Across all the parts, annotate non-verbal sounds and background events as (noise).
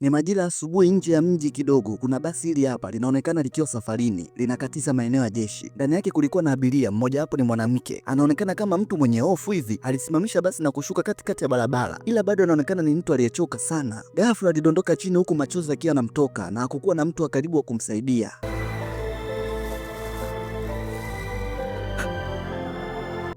Ni majira asubuhi, nje ya mji kidogo kuna basi hili hapa linaonekana likiwa safarini, linakatiza maeneo ya jeshi. Ndani yake kulikuwa na abiria mmoja, hapo ni mwanamke, anaonekana kama mtu mwenye hofu hivi. Alisimamisha basi na kushuka katikati ya barabara, ila bado anaonekana ni mtu aliyechoka sana. Ghafla alidondoka chini, huku machozi akiwa anamtoka na hakukuwa na mtu wa karibu wa kumsaidia.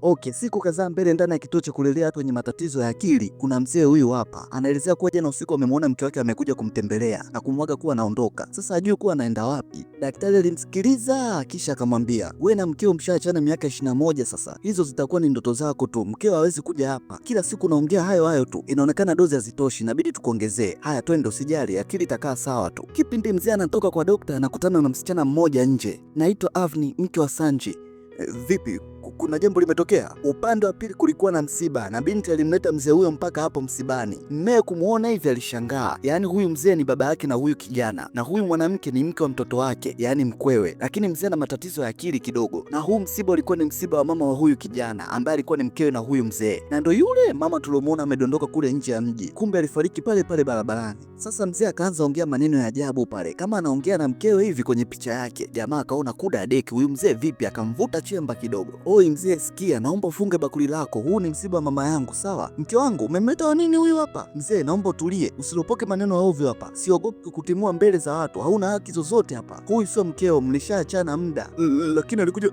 Okay, siku kadhaa mbele ndani ya kituo cha kulelea watu wenye matatizo ya akili, kuna mzee huyu hapa anaelezea kuwa jana usiku amemwona mke wake amekuja kumtembelea na kumwaga kuwa anaondoka. Sasa ajui kuwa anaenda wapi. Daktari alimsikiliza kisha akamwambia, wewe na mkeo mshaachana miaka moja sasa. Hizo zitakuwa ni ndoto zako tu. Mkeo hawezi kuja hapa. Kila siku unaongea hayo hayo tu. Inaonekana dozi hazitoshi. Inabidi tukuongezee. Haya twende usijali. Akili itakaa sawa tu. Kipindi mzee anatoka kwa daktari anakutana na msichana mmoja nje. Naitwa Avni, mke wa Sanji. Eh, vipi? kuna jambo limetokea. Upande wa pili kulikuwa na msiba na binti alimleta mzee huyo mpaka hapo msibani. Mmee kumuona hivi alishangaa, yaani huyu mzee ni baba yake na huyu kijana, na huyu mwanamke ni mke wa mtoto wake, yaani mkwewe, lakini mzee ana matatizo ya akili kidogo. Na huu msiba ulikuwa ni msiba wa mama wa huyu kijana ambaye alikuwa ni mkewe na huyu mzee, na ndo yule mama tuliomwona amedondoka kule nje ya mji, kumbe alifariki pale pale barabarani. Sasa mzee akaanza ongea maneno ya ajabu pale, kama anaongea na mkewe hivi kwenye picha yake. Jamaa akaona kuda adeki, huyu mzee vipi, akamvuta chemba kidogo Oi mzee, sikia, naomba ufunge bakuli lako, huu ni msiba wa mama yangu. Sawa mke wangu, umemleta wa nini huyu hapa? Mzee, naomba utulie, usiropoke maneno ya ovyo hapa. Siogopi kukutimua mbele za watu, hauna haki zozote hapa. Huyu sio mkeo, mlishaachana muda, lakini alikuja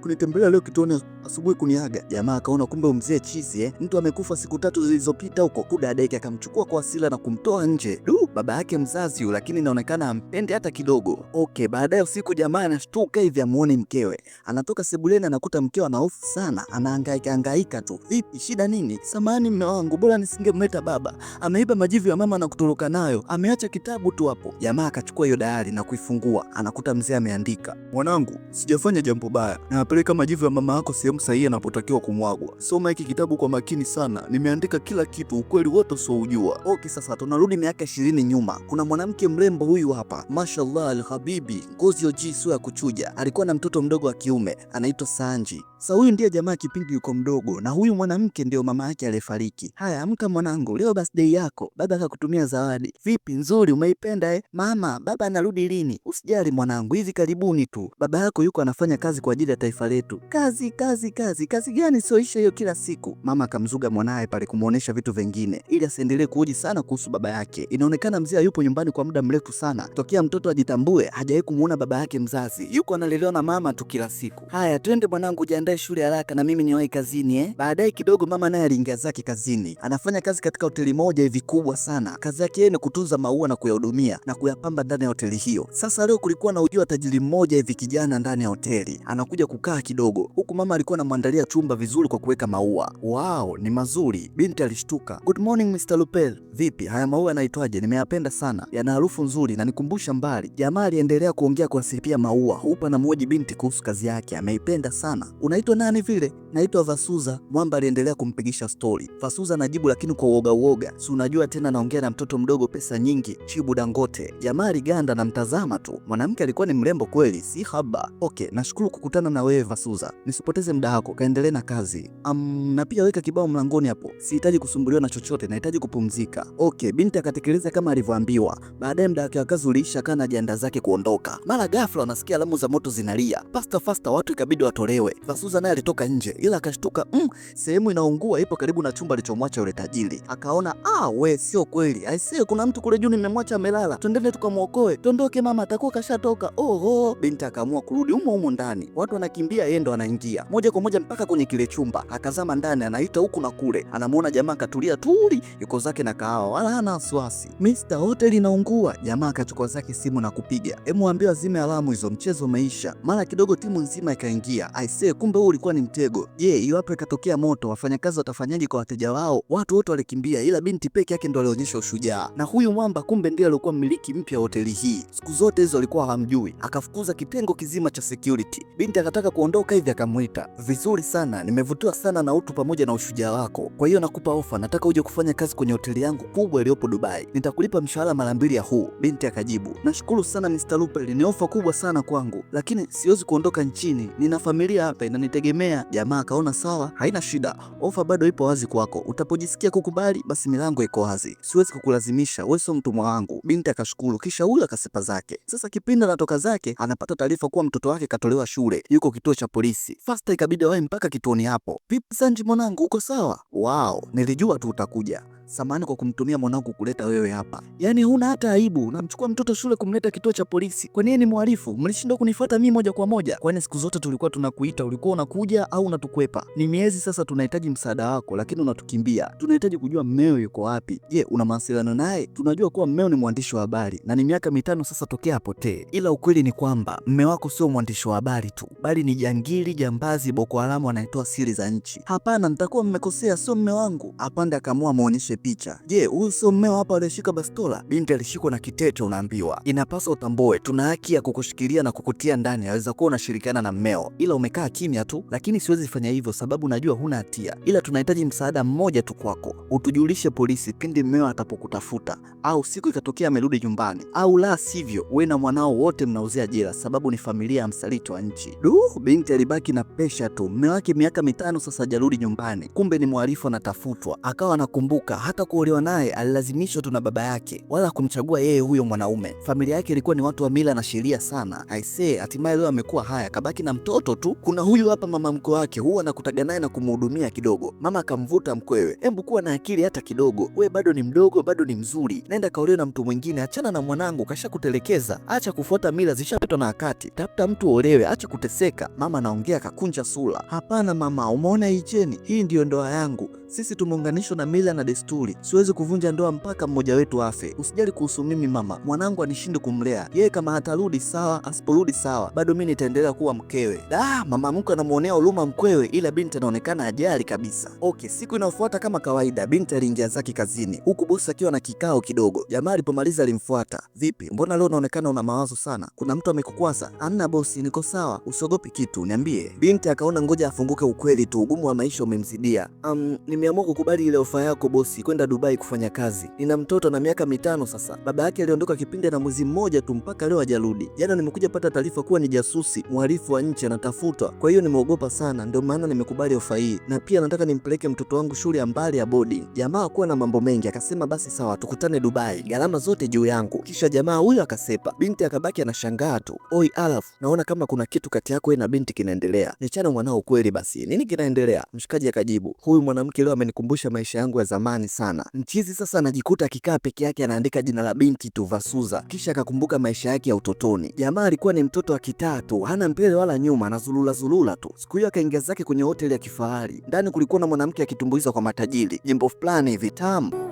kunitembelea leo kituoni asubuhi kuniaga. Jamaa akaona kumbe umzee chizi eh, mtu amekufa siku tatu zilizopita huko. Kudadeki akamchukua kwa asila na kumtoa nje. Du, baba yake mzazi yule, lakini inaonekana ampende hata kidogo. Okay, baadaye usiku jamaa anashtuka hivi amuone mkewe, anatoka sebuleni anakuta mkewe ana sana, anahangaika hangaika tu. Vipi, shida nini? Samani mme wangu, bora nisingemleta baba, ameiba majivu ya mama na kutoroka nayo, ameacha kitabu tu hapo. Jamaa akachukua hiyo dayari na kuifungua, anakuta mzee ameandika, mwanangu, sijafanya jambo baya na unapeleka majivu ya mama yako sehemu sahihi anapotakiwa kumwagwa. Soma hiki kitabu kwa makini sana, nimeandika kila kitu, ukweli wote usioujua. Okay, sasa tunarudi miaka ishirini nyuma. Kuna mwanamke mrembo huyu hapa, mashallah alhabibi, ngozi oji, sio ya kuchuja. Alikuwa na mtoto mdogo wa kiume anaitwa Sanji. Sasa huyu ndiye jamaa kipindi yuko mdogo, na huyu mwanamke ndio mama yake aliyefariki. Haya, amka mwanangu, leo birthday yako. Baba akakutumia zawadi. Vipi, nzuri? Umeipenda eh? Mama, baba anarudi lini? Usijali mwanangu, hivi karibuni tu. Baba yako yuko anafanya kazi kwa ajili ya taifa taifa letu. Kazi, kazi, kazi, kazi gani sioisha hiyo kila siku. Mama akamzuga mwanaye pale kumuonesha vitu vingine ili asiendelee kuhoji sana kuhusu baba yake. Inaonekana mzee yupo nyumbani kwa muda mrefu sana, tokea mtoto ajitambue hajawahi kumuona baba yake mzazi, yuko analelewa na mama tu kila siku. Haya, twende mwanangu, jiandae shule haraka na mimi niwahi kazini eh. Baadaye kidogo mama naye aliingia zake kazini, anafanya kazi katika hoteli moja hivi kubwa sana. Kazi yake yeye ni kutunza maua na kuyahudumia na kuyapamba ndani ya hoteli hiyo. Sasa leo kulikuwa na ujio wa tajiri mmoja hivi kijana ndani ya hoteli, anakuja kukaa kukaa kidogo, huku mama alikuwa anamwandalia chumba vizuri kwa kuweka maua. Wow, ni mazuri. Binti alishtuka. Good morning Mr. Lupel. Vipi, haya maua yanaitwaje? Nimeyapenda sana, yana harufu nzuri na nikumbusha mbali. Jamaa aliendelea kuongea kwa sipia maua, hupa na mwoji binti kuhusu kazi yake, ameipenda sana. Unaitwa nani vile? Naitwa Vasuza. Mwamba aliendelea kumpigisha stori. Vasuza anajibu lakini kwa uoga uoga, si unajua tena, naongea na mtoto mdogo, pesa nyingi, Chibu Dangote. Jamaa aliganda na mtazama tu. Mwanamke alikuwa ni mrembo kweli, si haba. Okay, nashukuru kukutana na wewe Eva Suza, nisipoteze muda wako, kaendelee na kazi um, na pia weka kibao mlangoni hapo, sihitaji kusumbuliwa na chochote, nahitaji kupumzika. Okay, binti akatekeleza kama alivyoambiwa. Baadaye muda wake wa kazi uliisha, kana ajanda zake kuondoka, mara ghafla wanasikia alamu za moto zinalia fasta fasta, watu ikabidi watolewe. Vasuza naye alitoka nje, ila akashtuka, mm, sehemu inaungua ipo karibu na chumba alichomwacha yule tajiri. Akaona ah, we sio kweli, aisee, kuna mtu kule juu nimemwacha amelala, twendene tukamwokoe. Tondoke mama, atakuwa kashatoka. Oho, binti akaamua kurudi umo umo ndani, watu wanakimbia anakimbia yeye ndo anaingia moja kwa moja mpaka kwenye kile chumba, akazama ndani, anaita huku na kule, anamwona jamaa katulia tuli, yuko zake na kahawa, wala hana wasiwasi. Mr hoteli inaungua, jamaa akachukua zake simu na kupiga, hemu ambiwa zime alamu hizo, mchezo umeisha. Mara kidogo timu nzima ikaingia. Aisee, kumbe huu ulikuwa ni mtego. Je, iwapo ikatokea moto, wafanyakazi watafanyaje kwa wateja wao? Watu wote walikimbia, ila binti peke yake ndo alionyesha ushujaa, na huyu mwamba kumbe ndiye alikuwa mmiliki mpya wa hoteli hii. Siku zote hizo alikuwa hamjui. Akafukuza kitengo kizima cha security. Binti akataka anataka kuondoka hivi akamwita, vizuri sana, nimevutiwa sana na utu pamoja na ushujaa wako, kwa hiyo nakupa ofa, nataka uje kufanya kazi kwenye hoteli yangu kubwa iliyopo Dubai, nitakulipa mshahara mara mbili ya huu. Binti akajibu, nashukuru sana Mr. Rupel, ni ofa kubwa sana kwangu, lakini siwezi kuondoka nchini, nina familia hapa inanitegemea. Jamaa akaona sawa, haina shida, ofa bado ipo wazi kwako, utapojisikia kukubali, basi milango iko wazi, siwezi kukulazimisha, wewe sio mtumwa wangu. Binti akashukuru, kisha ule akasepa zake. Sasa kipindi anatoka zake, anapata taarifa kuwa mtoto wake katolewa shule, yuko kituo cha polisi. Fasta ikabidi wae mpaka kituoni hapo. Vipi Sanji mwanangu, uko sawa? Wow, nilijua tu utakuja samani kwa kumtumia mwanangu kukuleta wewe hapa. Yaani huna hata aibu, unamchukua mtoto shule kumleta kituo cha polisi. Kwa nini ni mhalifu? Mlishindwa kunifuata mimi moja kwa moja? Kwani siku zote tulikuwa tunakuita, ulikuwa unakuja au unatukwepa? Ni miezi sasa tunahitaji msaada wako, lakini unatukimbia. Tunahitaji kujua mmeo yuko wapi. Je, una mawasiliano naye? Tunajua kuwa mmeo ni mwandishi wa habari na ni miaka mitano sasa tokea apotee, ila ukweli ni kwamba mme wako sio mwandishi wa habari tu, bali ni jangili, jambazi, Boko Haramu anayetoa siri za nchi. Hapana, nitakuwa mmekosea, sio mme wangu. Apande akaamua muoneshe picha. Je, huyu sio mmeo hapa aliyeshika bastola? Binti alishikwa na kiteto. unaambiwa inapaswa utambue, tuna haki ya kukushikilia na kukutia ndani. Aweza kuwa unashirikiana na mmeo, ila umekaa kimya tu. Lakini siwezi fanya hivyo sababu najua huna hatia, ila tunahitaji msaada mmoja tu kwako, utujulishe polisi pindi mmeo atapokutafuta, au siku ikatokea amerudi nyumbani, au la sivyo, we na mwanao wote mnauzia jela, sababu ni familia ya msaliti wa nchi. Du, binti alibaki na pesha tu. Mme wake miaka mitano sasa hajarudi nyumbani, kumbe ni mhalifu anatafutwa, akawa anakumbuka hata kuolewa naye alilazimishwa tu na baba yake, wala kumchagua yeye huyo mwanaume. Familia yake ilikuwa ni watu wa mila na sheria sana. Aisee, hatimaye leo amekuwa haya, kabaki na mtoto tu. Kuna huyu hapa mama mkwe wake, huwa anakutaga naye na kumhudumia kidogo. Mama akamvuta mkwewe, hebu kuwa na akili hata kidogo, we bado ni mdogo, bado ni mzuri, naenda kaolewa na mtu mwingine. Achana na mwanangu, kashakutelekeza. Acha kufuata mila, zishapitwa na wakati. Tafuta mtu olewe, acha kuteseka. Mama anaongea akakunja sura. Hapana mama, umeona hii hii ndiyo ndoa yangu sisi tumeunganishwa na mila na desturi, siwezi kuvunja ndoa mpaka mmoja wetu afe. Usijali kuhusu mimi mama, mwanangu anishinde kumlea yeye. Kama hatarudi sawa, asiporudi sawa, bado mi nitaendelea kuwa mkewe. Da, mama mkwe anamuonea huruma mkwewe, ila binti anaonekana ajali kabisa. Okay, siku inayofuata kama kawaida, binti aliingia zake kazini, huku bosi akiwa na kikao kidogo. Jamaa alipomaliza alimfuata. Vipi, mbona leo unaonekana una mawazo sana? Kuna mtu amekukwaza? Amna bosi, niko sawa, usiogopi kitu, niambie. Binti akaona ngoja afunguke ukweli tu, ugumu wa maisha umemzidia. Um, Nimeamua kukubali ile ofa yako bosi, kwenda Dubai kufanya kazi. Nina mtoto na miaka mitano sasa. Baba yake aliondoka kipindi na mwezi mmoja tu, mpaka leo hajarudi. Jana nimekuja pata taarifa kuwa ni jasusi mhalifu wa nchi anatafutwa, kwa hiyo nimeogopa sana, ndio maana nimekubali ofa hii, na pia nataka nimpeleke mtoto wangu shule ya mbali ya boarding. Jamaa hakuwa na mambo mengi, akasema basi sawa, tukutane Dubai, gharama zote juu yangu. Kisha jamaa huyo akasepa, binti akabaki anashangaa tu. Oi Alaf, naona kama kuna kitu kati yako na binti kinaendelea. Nichana mwanao kweli. Basi nini kinaendelea? Mshikaji akajibu, huyu mwanamke leo amenikumbusha maisha yangu ya zamani sana. Mchizi sasa anajikuta akikaa peke yake anaandika jina la binti tu Vasuza, kisha akakumbuka maisha yake ya utotoni. Jamaa alikuwa ni mtoto wa kitatu hana mbele wala nyuma, anazulula zulula tu. Siku hiyo akaingia zake kwenye hoteli ya kifahari, ndani kulikuwa na mwanamke akitumbuizwa kwa matajiri, jimbo fulani hivi tamu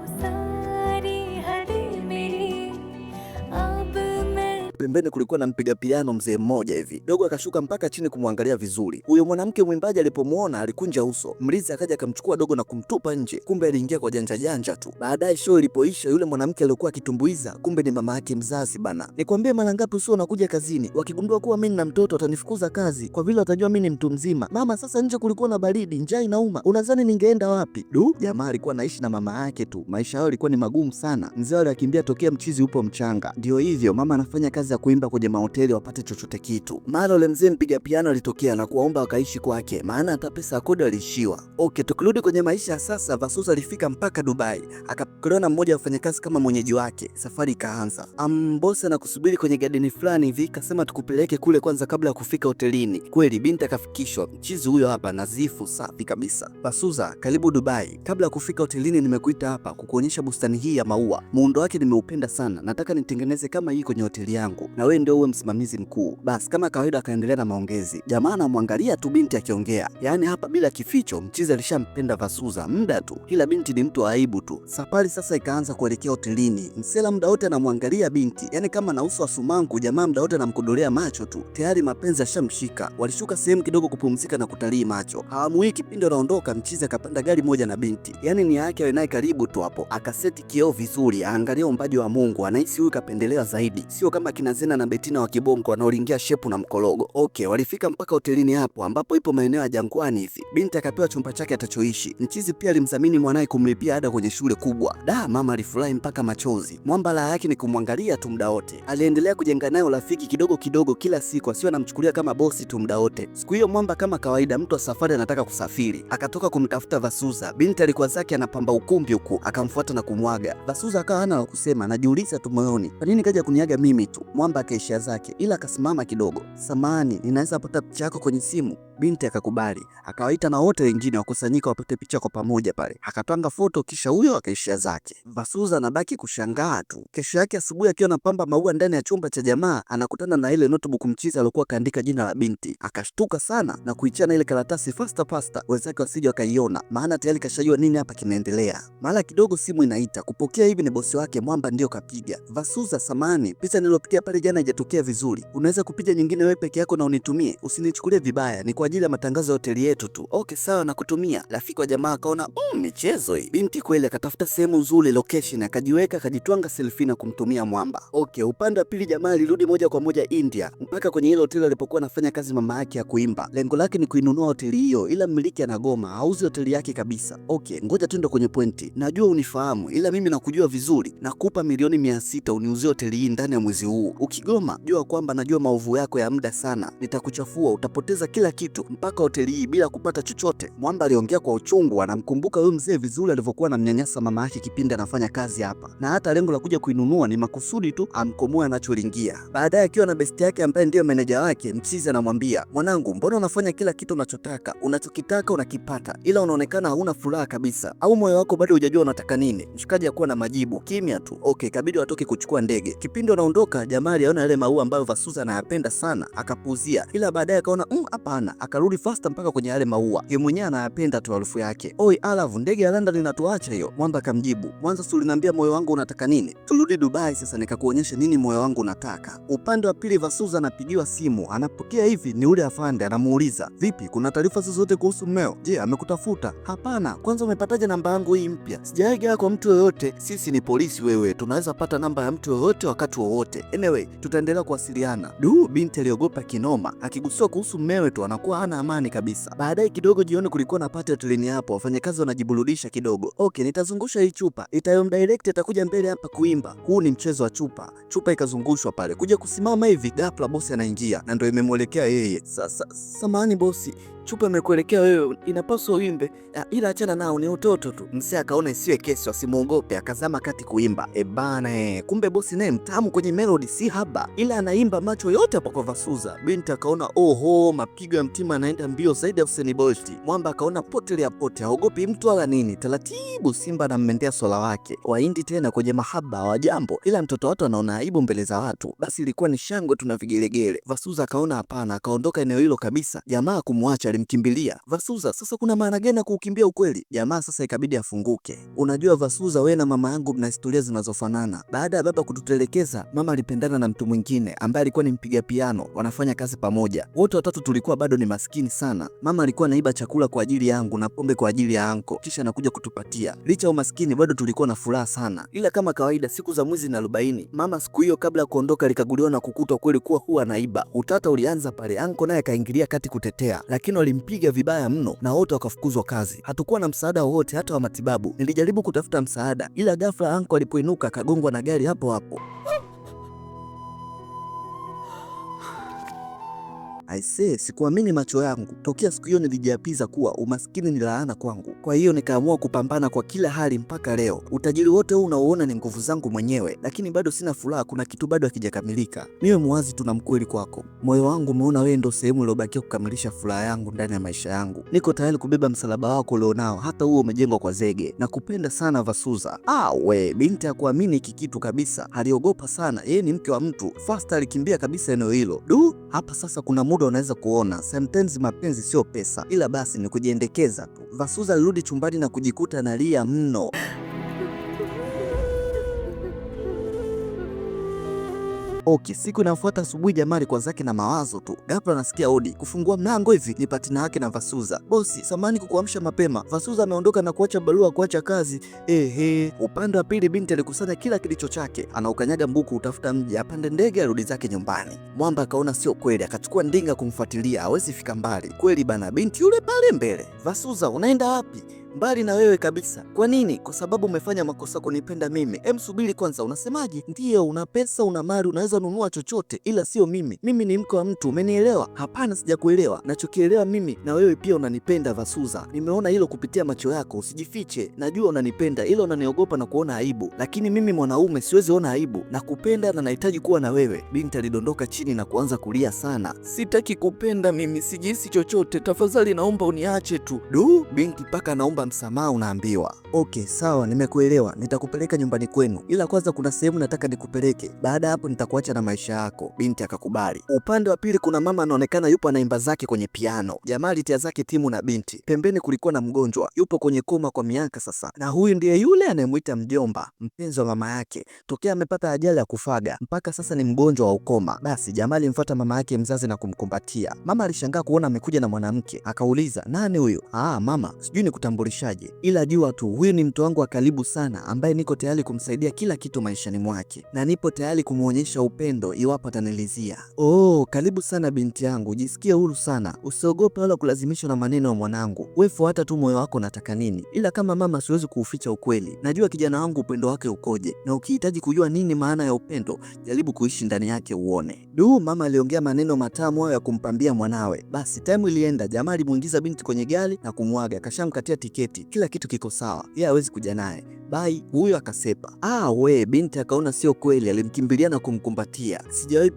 pembeni kulikuwa na mpiga piano mzee mmoja hivi. Dogo akashuka mpaka chini kumwangalia vizuri. Huyo mwanamke mwimbaji alipomwona alikunja uso. Mlinzi akaja akamchukua dogo na kumtupa nje, kumbe aliingia kwa janja janja tu. Baadaye show ilipoisha, yule mwanamke aliyokuwa akitumbuiza kumbe ni mama yake mzazi bana. Nikwambie mara ngapi usio unakuja kazini, wakigundua kuwa mimi na mtoto watanifukuza kazi kwa vile watajua mimi ni mtu mzima. Mama, sasa nje kulikuwa na baridi, njaa inauma, unadhani ningeenda wapi? Du, jamaa alikuwa anaishi na mama yake tu, maisha yao yalikuwa ni magumu sana. Mzee alikimbia tokea mchizi upo mchanga. Ndio hivyo, mama anafanya kazi kazi ya kuimba kwenye mahoteli wapate chochote kitu. Mara ule mzee mpiga piano alitokea na kuwaomba wakaishi kwake, maana hata pesa ya kodi aliishiwa. Okay, tukirudi kwenye maisha ya sasa, Vasusa alifika mpaka Dubai akapokelewa na mmoja wa wafanyakazi kama mwenyeji wake. Safari ikaanza, ambosi anakusubiri kwenye gadeni fulani hivi, kasema tukupeleke kule kwanza kabla ya kufika hotelini. Kweli binti akafikishwa, mchizi huyo hapa, nadhifu safi kabisa. Vasusa, karibu Dubai. Kabla ya kufika hotelini, nimekuita hapa kukuonyesha bustani hii ya maua. Muundo wake nimeupenda sana, nataka nitengeneze kama hii kwenye hoteli yangu wangu, na wewe ndio uwe msimamizi mkuu. Basi kama kawaida, akaendelea na maongezi. Jamaa anamwangalia tu binti akiongea, yaani hapa bila kificho, mchizi alishampenda Vasuza muda tu, ila binti ni mtu wa aibu tu. Safari sasa ikaanza kuelekea hotelini. Msela muda wote anamwangalia binti, yaani kama na uso wa sumangu. Jamaa muda wote anamkodolea macho tu, tayari mapenzi ashamshika. Walishuka sehemu kidogo kupumzika na kutalii macho. Hawamuhii kipindi anaondoka, mchizi akapanda gari moja na binti, yaani ni yake awe naye karibu tu. Hapo akaseti kioo vizuri, aangalia umbaji wa Mungu, anahisi huyu kapendelewa zaidi, sio kama kina kina Zena na Betina wa Kibongo wanaolingia shepu na mkologo. Okay, walifika mpaka hotelini hapo ambapo ipo maeneo ya Jangwani hivi. Binti akapewa chumba chake atachoishi. Mchizi pia alimdhamini mwanaye kumlipia ada kwenye shule kubwa. Da, mama alifurahi mpaka machozi. Mwamba la yake ni kumwangalia tu muda wote. Aliendelea kujenga naye urafiki kidogo kidogo kila siku, asiwe anamchukulia kama bosi tu muda wote. Siku hiyo Mwamba kama kawaida, mtu wa safari anataka kusafiri, akatoka kumtafuta Vasuza. Binti alikuwa zake anapamba ukumbi huku, akamfuata na kumwaga. Vasuza akawa hana la kusema, anajiuliza tu moyoni, kwa nini kaja kuniaga mimi tu? Mwamba akaishia zake, ila akasimama kidogo. Samani, ninaweza pata picha yako kwenye simu? Binti akakubali, akawaita na wote wengine wakusanyika wapate picha kwa pamoja pale. Akatwanga foto, kisha huyo akaishia zake. Vasuza anabaki kushangaa tu. Kesho yake asubuhi, akiwa anapamba maua ndani ya chumba cha jamaa, anakutana na ile notebook mchizi aliokuwa akaandika jina la binti. Akashtuka sana na na ile karatasi fasta fasta, wenzake wasije wakaiona, maana tayari kashajua nini hapa kinaendelea. Mara kidogo simu inaita, kupokea hivi ni bosi wake Mwamba, ndio kapiga. Vasuza, samani, picha nilopiga pale jana haijatokea vizuri, unaweza kupiga nyingine wewe peke yako na unitumie. Usinichukulie vibaya, ni kwa ajili ya matangazo ya hoteli yetu tu. Okay, sawa, nakutumia. Rafiki wa jamaa akaona mm, michezo hii. Binti kweli akatafuta sehemu nzuri location, akajiweka akajitwanga selfie na kumtumia mwamba. Okay, upande wa pili jamaa alirudi moja kwa moja India mpaka kwenye ile hoteli alipokuwa anafanya kazi mama yake ya kuimba. Lengo lake ni kuinunua hoteli hiyo, ila mmiliki anagoma, hauzi hoteli yake kabisa. Okay, ngoja tuende kwenye pointi. Najua unifahamu, ila mimi nakujua vizuri, nakupa milioni mia sita uniuzie hoteli hii ndani ya mwezi huu. Ukigoma jua kwamba najua maovu yako ya muda sana, nitakuchafua, utapoteza kila kitu, mpaka hoteli hii bila kupata chochote. Mwamba aliongea kwa uchungu, anamkumbuka huyu mzee vizuri alivyokuwa anamnyanyasa mama yake kipindi anafanya kazi hapa, na hata lengo la kuja kuinunua ni makusudi tu amkomoe anacholingia. Baadaye akiwa na besti yake ambaye ndiyo meneja wake, Mchizi anamwambia mwanangu, mbona unafanya kila kitu unachotaka, unachokitaka unakipata, ila unaonekana hauna furaha kabisa, au moyo wako bado hujajua unataka nini? Mshikaji hakuwa na majibu, kimya tu. Okay, kabidi watoke kuchukua ndege. Kipindi wanaondoka Jamali aliona yale maua ambayo Vasuza anayapenda sana akapuuzia, ila baadaye akaona mm, hapana, akarudi fasta mpaka kwenye yale maua. Yeye mwenyewe anayapenda tu harufu yake. Oi alavu, ndege ya London inatuacha hiyo. Mwamba akamjibu, mwanzo si uliniambia moyo wangu unataka nini? Turudi Dubai sasa nikakuonyesha nini moyo wangu unataka. Upande wa pili Vasuza anapigiwa simu, anapokea hivi ni ule afande, anamuuliza vipi, kuna taarifa zozote kuhusu mmeo? Je, amekutafuta? Hapana. Kwanza umepataje namba yangu hii mpya? Sijaiga kwa mtu yoyote. Sisi ni polisi, wewe tunaweza pata namba ya mtu yoyote wakati wowote mmewe, tutaendelea kuwasiliana. Duu, binti aliogopa kinoma, akigusiwa kuhusu mmewe tu anakuwa hana amani kabisa. Baadaye kidogo jioni kulikuwa na pata treni hapo, wafanyakazi wanajiburudisha kidogo. Okay, nitazungusha hii chupa, itayomdirect atakuja mbele hapa kuimba. Huu ni mchezo wa chupa. Chupa ikazungushwa pale, kuja kusimama hivi, ghafla bosi anaingia na ndio imemwelekea yeye. Sasa samani bosi chupa imekuelekea wewe, inapaswa uimbe, ah, ila achana nao, ni utoto tu. Msee akaona isiwe kesi, asimuogope, akazama kati kuimba. E bana e, kumbe bosi naye mtamu kwenye melodi, si haba, ila anaimba macho yote hapo kwa Vasuza. Binti akaona oho, mapigo ya mtima anaenda mbio zaidi ya Usain Bolt. Mwamba akaona potelea pote, haogopi mtu wala nini. Taratibu Simba anammendea swala wake, waindi tena kwenye mahaba wa jambo, ila mtoto watu anaona aibu mbele za watu. Basi ilikuwa ni shangwe tuna vigelegele. Vasuza akaona hapana, akaondoka eneo hilo kabisa. Jamaa kumwacha alimkimbilia Vasuza. Sasa kuna maana gani ya kuukimbia ukweli? Jamaa sasa ikabidi afunguke. Unajua Vasuza, wewe na mama yangu mna historia zinazofanana. Baada ya baba kututelekeza, mama alipendana na mtu mwingine ambaye alikuwa ni mpiga piano, wanafanya kazi pamoja. Wote watatu tulikuwa bado ni maskini sana. Mama alikuwa anaiba chakula kwa ajili yangu na pombe kwa ajili ya anko, kisha anakuja kutupatia. Licha ya umaskini, bado tulikuwa na furaha sana. Ila kama kawaida, siku za mwizi na arobaini, mama siku hiyo kabla ya kuondoka likaguliwa na kukutwa kweli kuwa huwa anaiba. Utata ulianza pale, anko naye akaingilia kati kutetea, lakini walimpiga vibaya mno na wote wakafukuzwa kazi. Hatukuwa na msaada wowote hata wa matibabu. Nilijaribu kutafuta msaada, ila ghafla anko alipoinuka akagongwa na gari hapo hapo. Aise, sikuamini macho yangu. Tokea siku hiyo nilijiapiza kuwa umaskini ni laana kwangu, kwa hiyo nikaamua kupambana kwa kila hali mpaka leo. Utajiri wote huu unaoona ni nguvu zangu mwenyewe, lakini bado sina furaha. Kuna kitu bado hakijakamilika. Niwe mwazi tu na mkweli kwako, moyo wangu umeona wewe ndio sehemu iliyobakia kukamilisha furaha yangu ndani ya maisha yangu. Niko tayari kubeba msalaba wako ulionao, hata huo umejengwa kwa zege. Nakupenda sana Vasuza. Ah, we binti ya kuamini hiki kitu kabisa. Aliogopa sana, yeye ni mke wa mtu. Fasta alikimbia kabisa eneo hilo. Du, hapa sasa kuna muda unaweza kuona sometimes mapenzi sio pesa, ila basi ni kujiendekeza tu. Vasuza alirudi chumbani na kujikuta analia mno. Okay, siku inayofuata asubuhi jamaa alikuwa zake na mawazo tu. Ghafla anasikia odi kufungua mlango hivi ni patina yake na Vasuza. Bosi, samani kukuamsha mapema. Vasuza ameondoka na kuacha barua kuacha kazi. Ehe. Upande wa pili binti alikusanya kila kilicho chake. Anaukanyaga mbuku utafuta mji, apande ndege arudi zake nyumbani. Mwamba akaona sio kweli, akachukua ndinga kumfuatilia, hawezi fika mbali. Kweli bana, binti yule pale mbele. Vasuza, unaenda wapi? mbali na wewe kabisa. Kwa nini? Kwa sababu umefanya makosa kunipenda mimi. Em, subiri kwanza, unasemaje? Ndiyo, una pesa, una mali, unaweza nunua chochote, ila sio mimi. Mimi ni mke wa mtu, umenielewa? Hapana, sijakuelewa. Nachokielewa mimi na wewe pia unanipenda Vasuza, nimeona hilo kupitia macho yako, usijifiche. Najua unanipenda, ila unaniogopa na kuona aibu, lakini mimi mwanaume siwezi ona aibu. Nakupenda na nahitaji kuwa na wewe. Binti alidondoka chini na kuanza kulia sana. Sitaki kupenda mimi, sijihisi chochote, tafadhali naomba uniache tu. Du, binti paka naomba unaomba msamaha unaambiwa okay, sawa, nimekuelewa, nitakupeleka nyumbani kwenu, ila kwanza kuna sehemu nataka nikupeleke, baada ya hapo nitakuacha na maisha yako. Binti akakubali. Upande wa pili kuna mama anaonekana yupo anaimba zake kwenye piano, jamaa alitia zake timu na binti. Pembeni kulikuwa na mgonjwa yupo kwenye koma kwa miaka sasa, na huyu ndiye yule anayemwita mjomba, mpenzi wa mama yake, tokea amepata ajali ya kufaga mpaka sasa ni mgonjwa wa ukoma. Basi jamaa alimfuata mama yake mzazi na kumkumbatia. Mama alishangaa kuona amekuja na mwanamke, akauliza nani huyu? Ah, mama, sijui nikutambulishe mshauri, ila jua tu huyu ni mtu wangu wa karibu sana, ambaye niko tayari kumsaidia kila kitu maishani mwake na nipo tayari kumwonyesha upendo iwapo atanilizia. Oh, karibu sana binti yangu, jisikie huru sana, usiogope wala kulazimishwa na maneno ya mwanangu. Wewe fuata tu moyo wako, unataka nini. Ila kama mama, siwezi kuuficha ukweli, najua kijana wangu upendo wake ukoje, na ukihitaji kujua nini maana ya upendo, jaribu kuishi ndani yake uone. Du, mama aliongea maneno matamu hayo ya kumpambia mwanawe. Basi taimu ilienda, jamaa alimuingiza binti kwenye gari na kumwaga, akashamkatia tiketi ameketi, kila kitu kiko sawa, yeye hawezi kuja naye bai huyo akasepa. Ah, we binti akaona sio kweli, alimkimbilia na kumkumbatia.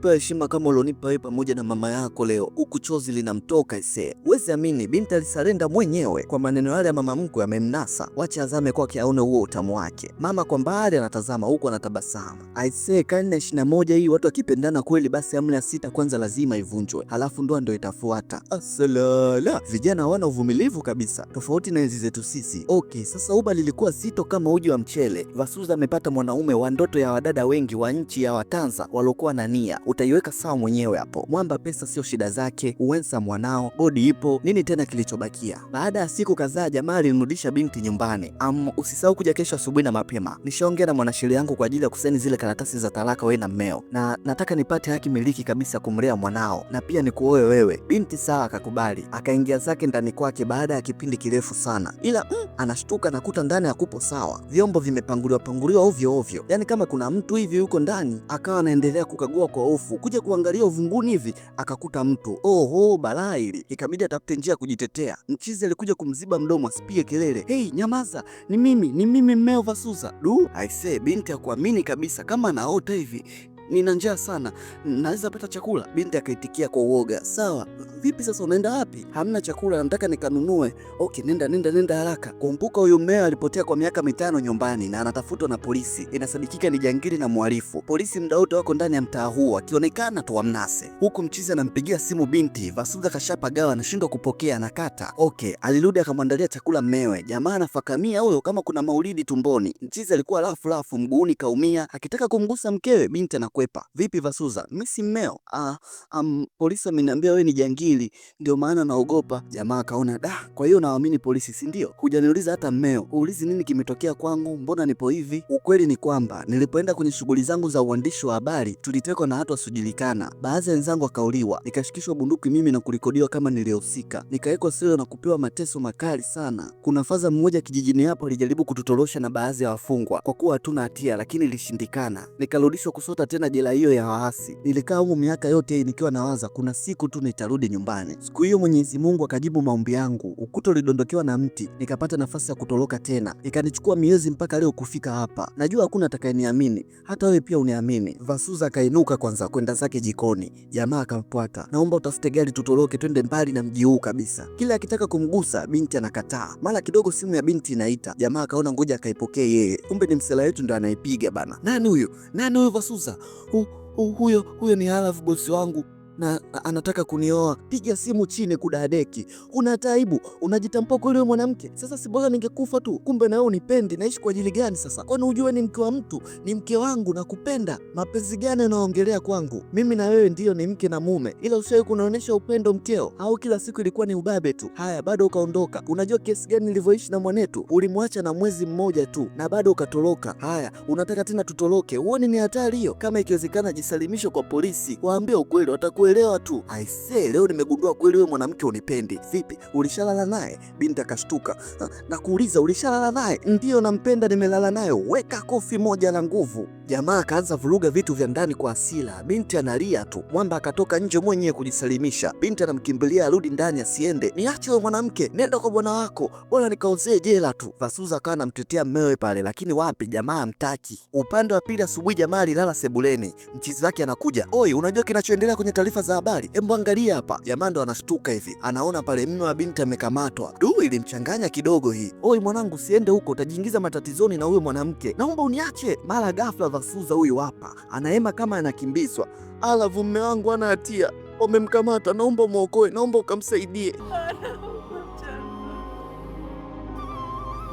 pewa heshima kama ulionipa wewe pamoja na mama yako leo. Huku chozi linamtoka ise, wezi amini, binti alisarenda mwenyewe kwa maneno yale ya mama mkwe. Amemnasa, wacha azame kwake, aone huo utamu wake. Mama kwa mbali anatazama huku anatabasamu. Aise, karne ishirini na moja hii, watu wakipendana kweli, basi amri ya sita kwanza lazima ivunjwe, halafu ndoa ndo itafuata. Asalala, vijana hawana uvumilivu kabisa, tofauti na enzi zetu sisi. Okay, sasa Uba lilikuwa zito kama uji wa mchele. vasuza amepata mwanaume wa ndoto ya wadada wengi wa nchi ya Watanza waliokuwa na nia. Utaiweka sawa mwenyewe hapo. Mwamba pesa sio shida zake, uwensa mwanao, bodi ipo, nini tena kilichobakia? Baada ya siku kadhaa, jamaa alimrudisha binti nyumbani. Am, usisahau kuja kesho asubuhi na mapema. Nishaongea na mwanasheria yangu kwa ajili ya kusaini zile karatasi za talaka wewe na mmeo, na nataka nipate haki miliki kabisa kumlea mwanao na pia nikuoe wewe. Binti sawa, akakubali, akaingia zake ndani kwake baada ya kipindi kirefu sana ila mm, anashtuka na kuta ndani hakupo sawa, vyombo vimepanguliwa panguliwa ovyo ovyo, yani kama kuna mtu hivi yuko ndani. Akawa anaendelea kukagua kwa hofu, kuja kuangalia uvunguni hivi akakuta mtu. Oho, balaa hili! Ikabidi atafute njia ya kujitetea. Mchizi alikuja kumziba mdomo asipige kelele. Hei, nyamaza, ni mimi, ni mimi mmeo Vasusa. Du aisee, binti ya kuamini kabisa, kama anaota hivi nina njaa sana, naweza pata chakula? Binti akaitikia kwa uoga, sawa. Vipi sasa, unaenda wapi? Hamna chakula, nataka nikanunue. Okay, nenda nenda nenda haraka. Kumbuka huyu mmeo alipotea kwa miaka mitano nyumbani na anatafutwa na polisi, inasadikika ni jangili na mhalifu. Polisi muda wote wako ndani ya mtaa huo, akionekana tu wamnase. Huku mchizi anampigia simu binti, Vasudha kashapagawa, anashindwa kupokea, anakata. Okay, alirudi akamwandalia chakula mmewe. Jamaa anafakamia huyo kama kuna maulidi tumboni. Mchizi alikuwa rafu mguuni kaumia, akitaka kumgusa mkewe, binti anakuwa kukwepa. Vipi Vasuza? Mimi si mmeo. Ah, um, polisi ameniambia wewe ni jangili, ndio maana naogopa. Jamaa akaona da, kwa hiyo naamini polisi, si ndio? Hujaniuliza hata mmeo, uulizi nini kimetokea kwangu, mbona nipo hivi? Ukweli ni kwamba nilipoenda kwenye shughuli zangu za uandishi wa habari, tulitekwa na watu wasiojulikana. Baadhi ya wenzangu wakauliwa, nikashikishwa bunduki mimi na kurekodiwa kama nilihusika, nikawekwa silo na kupewa mateso makali sana. Kuna faza mmoja kijijini hapo alijaribu kututorosha na baadhi ya wafungwa kwa kuwa hatuna hatia, lakini ilishindikana, nikarudishwa kusota tena ajira hiyo ya waasi. Nilikaa huko miaka yote nikiwa nawaza kuna siku tu nitarudi nyumbani. Siku hiyo Mwenyezi Mungu akajibu maombi yangu, ukuta ulidondokewa na mti, nikapata nafasi ya kutoroka tena. Ikanichukua miezi mpaka leo kufika hapa. Najua hakuna atakayeniamini, hata wewe pia uniamini. Vasuza akainuka kwanza kwenda zake jikoni, jamaa akamfuata, naomba utafute gari tutoroke, twende mbali na mji huu kabisa. Kila akitaka kumgusa binti anakataa. Mara kidogo simu ya binti inaita, jamaa akaona ngoja akaipokee yeye, kumbe ni msela wetu ndo anaipiga bana. Nani huyo? Nani huyo Vasuza? huyo huyo ni Alaf bosi wangu, na anataka kunioa, piga simu chini kudadeki. Una taibu, unajitampa kweli wewe mwanamke? Sasa si bora ningekufa tu, kumbe na wewe unipendi. Naishi kwa ajili gani sasa? Kwani ujue ni mke wa mtu, ni mke wangu na kupenda. Mapenzi gani unaongelea kwangu? Mimi na wewe ndiyo ni mke na mume, ila ushawahi kunaonyesha upendo mkeo? Au kila siku ilikuwa ni ubabe tu? Haya, bado ukaondoka. Unajua kiasi gani nilivyoishi na mwanetu? Ulimwacha na mwezi mmoja tu na bado ukatoroka. Haya, unataka tena tutoroke? Uone ni hatari hiyo. Kama ikiwezekana, jisalimisho kwa polisi, waambie ukweli watakuwa kuelewa tu. I say, leo nimegundua kweli wewe mwanamke unipendi. Vipi, ulishalala naye? Binti akashtuka ah, na kuuliza, ulishalala naye? Ndiyo, nampenda, nimelala naye. Weka kofi moja la nguvu. Jamaa akaanza vuruga vitu vya ndani kwa hasira, binti analia tu. Mwamba akatoka nje mwenyewe kujisalimisha, binti anamkimbilia arudi ndani asiende. Niache wewe mwanamke, nenda kwa bwana wako, bora nikaozee jela tu. Vasuza akawa anamtetea mmewe pale, lakini wapi, jamaa amtaki. Upande wa pili, asubuhi jamaa alilala sebuleni, mchizi wake anakuja, oi, unajua kinachoendelea kwenye taarifa taarifa za habari. Hebu angalia hapa, Yamando anashtuka hivi, anaona pale mme wa binti amekamatwa. Du, ilimchanganya kidogo hii. Oi mwanangu, siende huko, utajiingiza matatizoni na huyo mwanamke, naomba uniache. Mara ghafla Vasuza huyu hapa anaema kama anakimbizwa. Alafu mme wangu ana hatia, wamemkamata, naomba umwokoe, naomba ukamsaidie (laughs)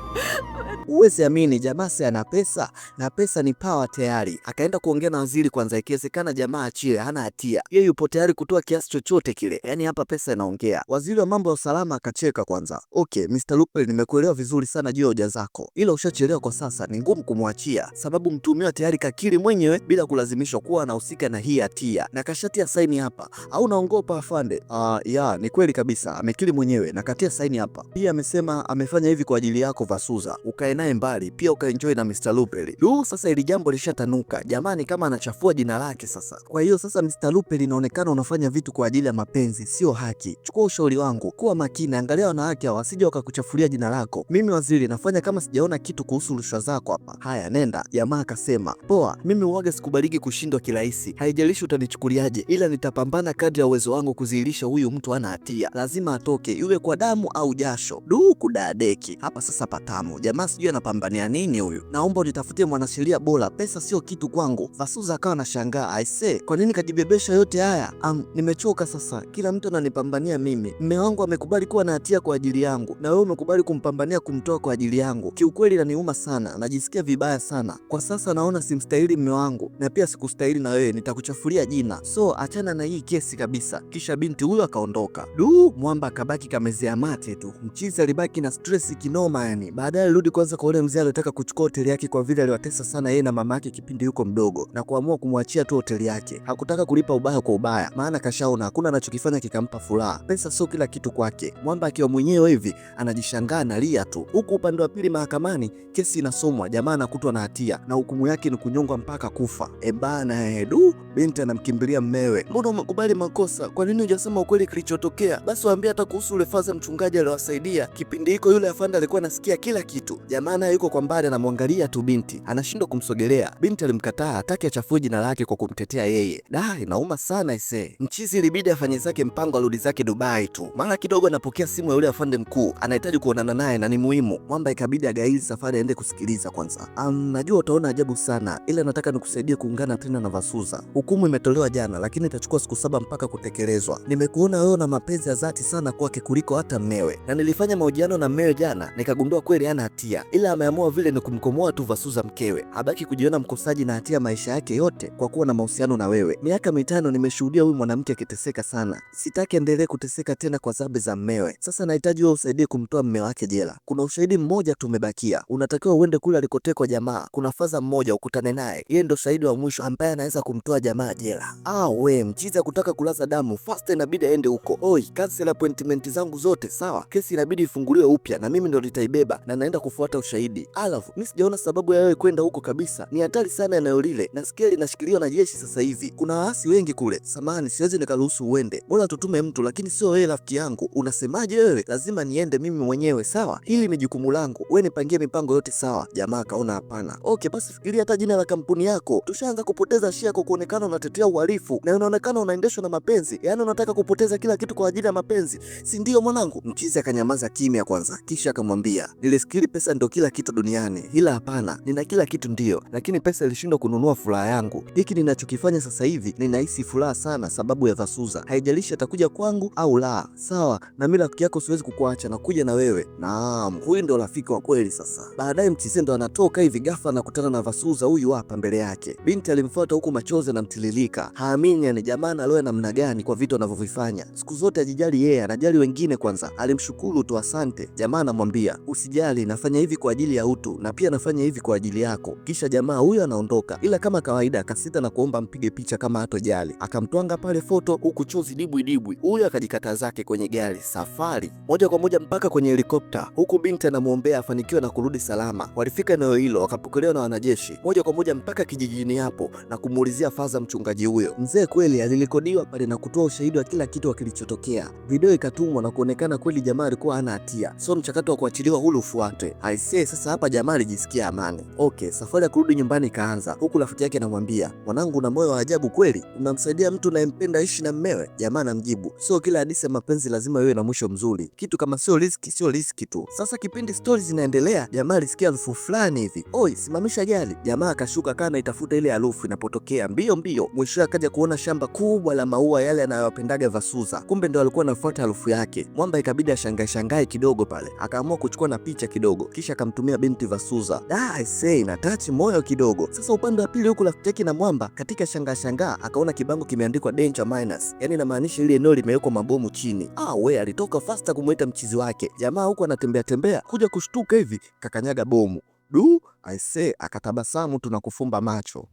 (laughs) Uwezi amini, jamaa si ana pesa na pesa ni pawa tayari. Akaenda kuongea na waziri kwanza, ikiwezekana jamaa achiwe, hana hatia, yeye yupo tayari kutoa kiasi chochote kile. Yani hapa pesa inaongea. Waziri wa mambo ya usalama akacheka kwanza. Okay Mr. Lupin, nimekuelewa vizuri sana juu ya hoja zako, ila ushachelewa kwa sasa. Ni ngumu kumwachia, sababu mtumiwa tayari kakiri mwenyewe bila kulazimishwa kuwa anahusika na hii hatia, na kashatia saini hapa. Au naongopa afande? Ah, ya ni kweli kabisa, amekiri mwenyewe na katia saini hapa. Pia amesema amefanya hivi kwa ajili yako Vasu. Suza, ukae naye mbali, pia ukaenjoy na Mr. Lupeli. Lu, sasa ili jambo lishatanuka jamani, kama anachafua jina lake sasa. Kwa hiyo sasa, Mr. Lupeli, inaonekana unafanya vitu kwa ajili ya mapenzi, sio haki. Chukua ushauri wangu, kuwa makini, angalia wanawake hawa wasije wakakuchafulia jina lako. Mimi waziri nafanya kama sijaona kitu kuhusu rushwa zako hapa. Haya, nenda. Jamaa akasema poa, mimi uwaga sikubaliki kushindwa kirahisi, haijalishi utanichukuliaje, ila nitapambana kadri ya uwezo wangu kuzihilisha huyu mtu ana hatia, lazima atoke, iwe kwa damu au jasho. Du, kudadeki hapa sasa pata tamu. Jamaa sijui anapambania nini huyu, naomba unitafutie mwanasheria bora, pesa sio kitu kwangu. Vasuza akawa anashangaa, aise, kwa nini kajibebesha yote haya? Am, nimechoka sasa, kila mtu ananipambania mimi. Mme wangu amekubali kuwa na hatia kwa ajili yangu, na wewe umekubali kumpambania kumtoa kwa ajili yangu. Kiukweli naniuma sana, najisikia vibaya sana kwa sasa. Naona simstahili mme wangu na pia sikustahili na wewe, nitakuchafulia jina, so achana na hii kesi kabisa. Kisha binti huyo akaondoka. Du, mwamba akabaki kamezea mate tu. Mchizi alibaki na stress kinoma yani. Baadaye alirudi kwanza kwa yule mzee aliyotaka kuchukua hoteli yake kwa vile aliwatesa sana yeye na mama yake kipindi yuko mdogo, na kuamua kumwachia tu hoteli yake. Hakutaka kulipa ubaya kwa ubaya, maana kashaona hakuna anachokifanya kikampa furaha. Pesa sio kila kitu kwake. Mwamba akiwa mwenyewe hivi anajishangaa na lia tu, huku upande wa pili mahakamani kesi inasomwa, jamaa anakutwa na hatia na hukumu yake ni kunyongwa mpaka kufa. E bana, edu eh, binti anamkimbilia mmewe, mbona umekubali makosa? Kwa nini hujasema ukweli kilichotokea? Basi waambie hata kuhusu ule faza mchungaji aliwasaidia kipindi hiko, yule afanda alikuwa anasikia kila kitu. Jamaa naye yuko kwa mbali anamwangalia tu binti, anashindwa kumsogelea. Binti alimkataa hataki achafue jina lake kwa kumtetea yeye. Da, inauma sana ise. Mchizi ilibidi afanye zake mpango arudi zake Dubai tu. Mara kidogo anapokea simu ya yule afande mkuu, anahitaji kuonana naye na ni muhimu. Mwamba ikabidi agaili safari aende kusikiliza kwanza. Um, najua utaona ajabu sana ila nataka nikusaidie kuungana tena na Vasuza. Hukumu imetolewa jana, lakini itachukua siku saba mpaka kutekelezwa. Nimekuona wewe na mapenzi ya dhati sana kwake kuliko hata mmewe, na nilifanya mahojiano na mmewe jana nikagundua kweli kweli hana hatia, ila ameamua vile ni kumkomoa tu Vasuza mkewe, habaki kujiona mkosaji na hatia maisha yake yote kwa kuwa na mahusiano na wewe. Miaka mitano nimeshuhudia huyu mwanamke akiteseka sana, sitaki endelee kuteseka tena kwa sababu za mmewe. Sasa nahitaji wewe usaidie kumtoa mme wake jela. Kuna ushahidi mmoja tumebakia unatakiwa uende kule alikotekwa jamaa. Kuna faza mmoja ukutane naye, yeye ndo shahidi wa mwisho ambaye anaweza kumtoa jamaa jela. Ah we mchizi kulaza damu fasta, inabidi aende huko. Oi, cancel appointment zangu zote sawa, kesi inabidi ifunguliwe upya na mimi ndo nitaibeba na naenda kufuata ushahidi. Alafu mi sijaona sababu ya wewe kwenda huko kabisa, ni hatari sana eneo lile. Nasikia linashikiliwa na jeshi sasa hivi, kuna waasi wengi kule. samani siwezi nikaruhusu uende, bora tutume mtu, lakini sio wewe rafiki yangu. Unasemaje wewe? Lazima niende mimi mwenyewe, sawa? Hili ni jukumu langu, we nipangie mipango yote, sawa? Jamaa akaona hapana. Okay, basi fikiria hata jina la kampuni yako. Tushaanza kupoteza shia kwa kuonekana unatetea uhalifu na unaonekana unaendeshwa na mapenzi, yaani unataka kupoteza kila kitu kwa ajili ya mapenzi, si ndio mwanangu? Mchizi akanyamaza kimya kwanza, kisha akamwambia Nilisikiri pesa ndio kila kitu duniani, ila hapana. Nina kila kitu ndio, lakini pesa ilishindwa kununua furaha yangu. Hiki ninachokifanya sasa hivi, ninahisi furaha sana sababu ya vasuza Haijalishi atakuja kwangu au la. Sawa na mimi rafiki yako, siwezi kukuacha, nakuja na wewe. Naam, huyu ndio rafiki wa kweli. Sasa baadaye Mtise ndo anatoka hivi, ghafla anakutana na vasuza huyu hapa mbele yake. Binti alimfuata huku machozi anamtililika haamini ni jamaa analoya namna gani kwa vitu anavyovifanya. Siku zote ajijali yeye, anajali wengine kwanza. Alimshukuru tu, asante jamaa, anamwambia usijali kujali, nafanya hivi kwa ajili ya utu na pia nafanya hivi kwa ajili yako. Kisha jamaa huyo anaondoka, ila kama kawaida akasita na kuomba mpige picha kama hatojali, akamtwanga pale foto, huku chozi dibwi dibwi. Huyo akajikata zake kwenye gari, safari moja kwa moja mpaka kwenye helikopta, huku binti anamwombea afanikiwe na kurudi salama. Walifika eneo hilo wakapokelewa na wanajeshi moja kwa moja mpaka kijijini hapo na kumuulizia fadha mchungaji huyo. Mzee kweli alirekodiwa pale na kutoa ushahidi wa kila kitu kilichotokea. Video ikatumwa na kuonekana kweli jamaa alikuwa hana hatia, so mchakato wa kuachiliwa huru ifuatwe. Aisee, sasa hapa jamaa alijisikia amani. Okay, safari ya kurudi nyumbani ikaanza, huku rafiki yake anamwambia, mwanangu, una moyo wa ajabu kweli, unamsaidia mtu unayempenda ishi na mmewe. Jamaa anamjibu, sio kila hadithi ya mapenzi lazima iwe na mwisho mzuri, kitu kama sio riski sio riski tu. Sasa kipindi stori zinaendelea, jamaa alisikia harufu fulani hivi, oi, simamisha gari. Jamaa akashuka kana itafuta ile harufu inapotokea mbio mbio, mwisho akaja kuona shamba kubwa la maua yale anayopendaga Vasuza, kumbe ndo alikuwa anafuata harufu yake. Mwamba ikabidi ashangae shangae kidogo pale, akaamua kuchukua na picha kumficha kidogo, kisha akamtumia binti Vasuza. Da, I say na touch moyo kidogo. Sasa upande wa pili huku Lafteki na Mwamba katika shangaa shangaa akaona kibango kimeandikwa danger minus, yani inamaanisha ile eneo limewekwa mabomu chini. Ah, we alitoka fasta kumwita mchizi wake jamaa, huku anatembea tembea kuja kushtuka hivi kakanyaga bomu. Du, I say akatabasamu, tunakufumba macho.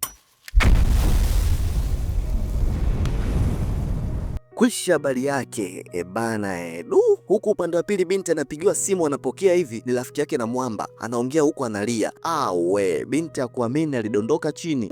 Kwisha habari yake e bana e, du. Huku upande wa pili binti anapigiwa simu, anapokea hivi, ni rafiki yake na mwamba, anaongea huku analia. Awe binti akuamini, alidondoka chini.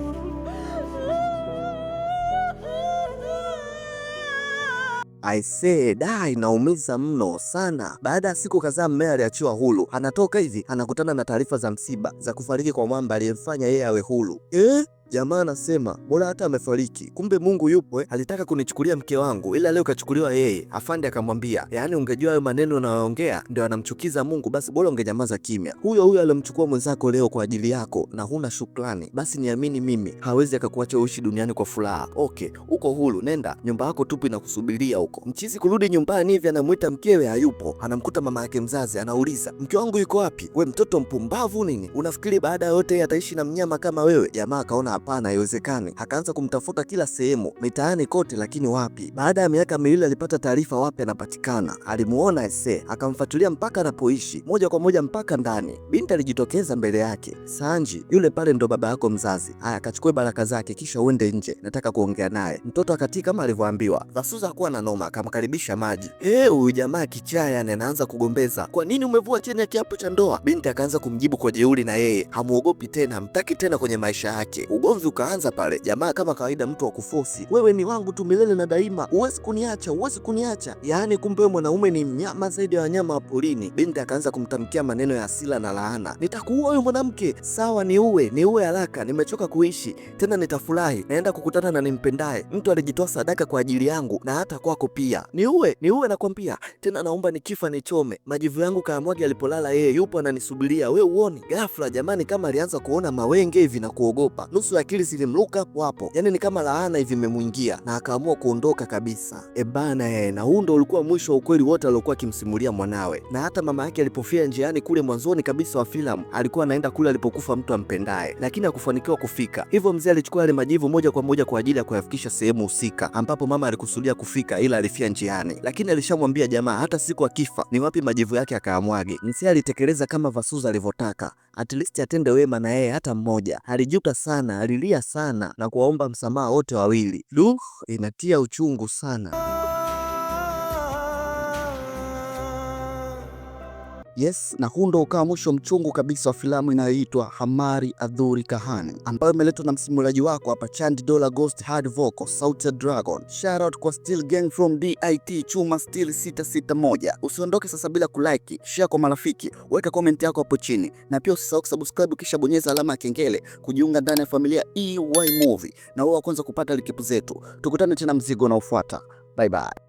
Aisee, da, inaumiza mno sana. Baada ya siku kadhaa, mmea aliachiwa huru. Anatoka hivi, anakutana na taarifa za msiba za kufariki kwa mwamba aliyemfanya yeye awe huru eh? Jamaa anasema bora hata amefariki, kumbe Mungu yupo eh. Alitaka kunichukulia mke wangu, ila leo kachukuliwa yeye. Afande akamwambia, yaani ungejua hayo maneno unayoongea ndio anamchukiza Mungu, basi bora ungenyamaza kimya. Huyo huyo alimchukua mwenzako leo kwa ajili yako na huna shukrani, basi niamini mimi, hawezi akakuacha uishi duniani kwa furaha. Okay, uko huru, nenda nyumba yako tupu inakusubiria huko. Mchizi kurudi nyumbani hivi, anamwita mkewe, hayupo. Anamkuta mama yake mzazi, anauliza mke wangu yuko wapi? We mtoto mpumbavu nini, unafikiri baada ya yote ataishi na mnyama kama wewe? Jamaa akaona hapana, haiwezekani. Akaanza kumtafuta kila sehemu, mitaani kote, lakini wapi. Baada ya miaka miwili alipata taarifa wapi anapatikana. Alimuona ese, akamfuatilia mpaka anapoishi, moja kwa moja mpaka ndani. Binti alijitokeza mbele yake, Sanji, yule pale ndo baba yako mzazi. Aya, akachukue baraka zake, kisha uende nje, nataka kuongea naye. Mtoto akatii kama alivyoambiwa. Vasuza hakuwa na noma, akamkaribisha maji. Eh, huyu jamaa kichaa, yani anaanza kugombeza, kwa nini umevua cheni ya kiapo cha ndoa? Binti akaanza kumjibu kwa jeuri, na yeye hamuogopi tena, mtaki tena kwenye maisha yake ugomvi ukaanza pale. Jamaa kama kawaida, mtu wa kufosi, wewe ni wangu tu milele na daima, huwezi kuniacha, huwezi kuniacha. Yaani kumbe mwanaume ni mnyama zaidi ya wanyama wa porini. Binti akaanza kumtamkia maneno ya asila na laana. Nitakuua huyo mwanamke, sawa, ni uwe ni uwe haraka, nimechoka kuishi tena, nitafurahi naenda kukutana na nimpendaye. Mtu alijitoa sadaka kwa ajili yangu na hata kwako pia. Ni uwe ni uwe, nakwambia tena, naomba nikifa nichome majivu yangu. Kaamwagi alipolala yeye yupo ananisubiria, we uoni? Ghafla jamani, kama alianza kuona mawenge hivi na kuogopa nusu Yesu akili zilimruka hapo hapo, yaani ni kama laana hivi imemwingia, na akaamua kuondoka kabisa. Ebana ee eh, na huu ndo ulikuwa mwisho wa ukweli wote aliokuwa akimsimulia mwanawe. Na hata mama yake alipofia njiani kule mwanzoni kabisa wa filamu, alikuwa anaenda kule alipokufa mtu ampendaye, lakini hakufanikiwa kufika. Hivyo mzee alichukua yale majivu moja kwa moja kwa ajili ya kuyafikisha sehemu husika ambapo mama alikusudia kufika, ila alifia njiani, lakini alishamwambia jamaa hata siku akifa ni wapi majivu yake akaamwage. Mzee alitekeleza kama Vasuza alivyotaka at least atende wema na yeye hata mmoja. Alijuta sana, alilia sana na kuwaomba msamaha wote wawili. Duh, inatia uchungu sana. Yes, na huu ndo ukawa mwisho mchungu kabisa wa filamu inayoitwa Hamari Adhuri kahani ambayo imeletwa na msimulaji wako hapa Chandi Dollar Ghost Hard Vocal Sauti Dragon. Shout out kwa Steel Gang from DIT Chuma Steel 661. Usiondoke sasa bila kulike, share kwa marafiki, weka comment yako hapo chini na pia usisahau kusubscribe kisha bonyeza alama ya kengele kujiunga ndani ya familia EY Movie na uwe wa kwanza kupata likipu zetu. Tukutane tena mzigo ufuata. Bye bye.